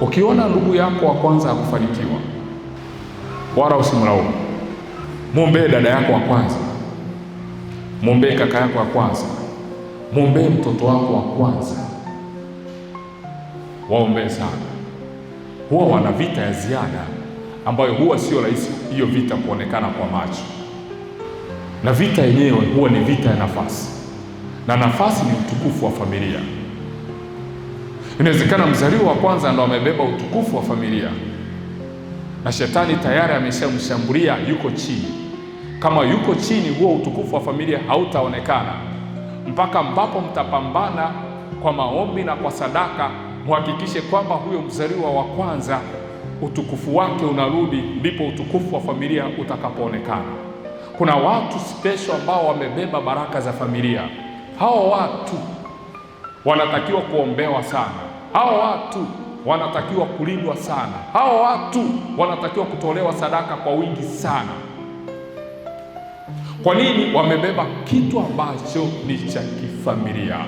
Ukiona ndugu yako wa kwanza akufanikiwa wala usimlaumu. Mwombee dada yako wa kwanza, mwombee kaka yako wa kwanza, mwombee mtoto wako wa kwanza, waombee sana. Huwa wana vita ya ziada ambayo huwa sio rahisi hiyo vita kuonekana kwa macho, na vita yenyewe huwa ni vita ya nafasi, na nafasi ni utukufu wa familia. Inawezekana mzaliwa wa kwanza ndo amebeba utukufu wa familia, na shetani tayari ameshamshambulia, yuko chini. Kama yuko chini, huo utukufu wa familia hautaonekana mpaka ambapo mtapambana kwa maombi na kwa sadaka, muhakikishe kwamba huyo mzaliwa wa kwanza utukufu wake unarudi, ndipo utukufu wa familia utakapoonekana. Kuna watu special ambao wamebeba baraka za familia. Hao watu wanatakiwa kuombewa sana. Hao watu wanatakiwa kulindwa sana. Hao watu wanatakiwa kutolewa sadaka kwa wingi sana. Kwa nini? Wamebeba kitu ambacho ni cha kifamilia.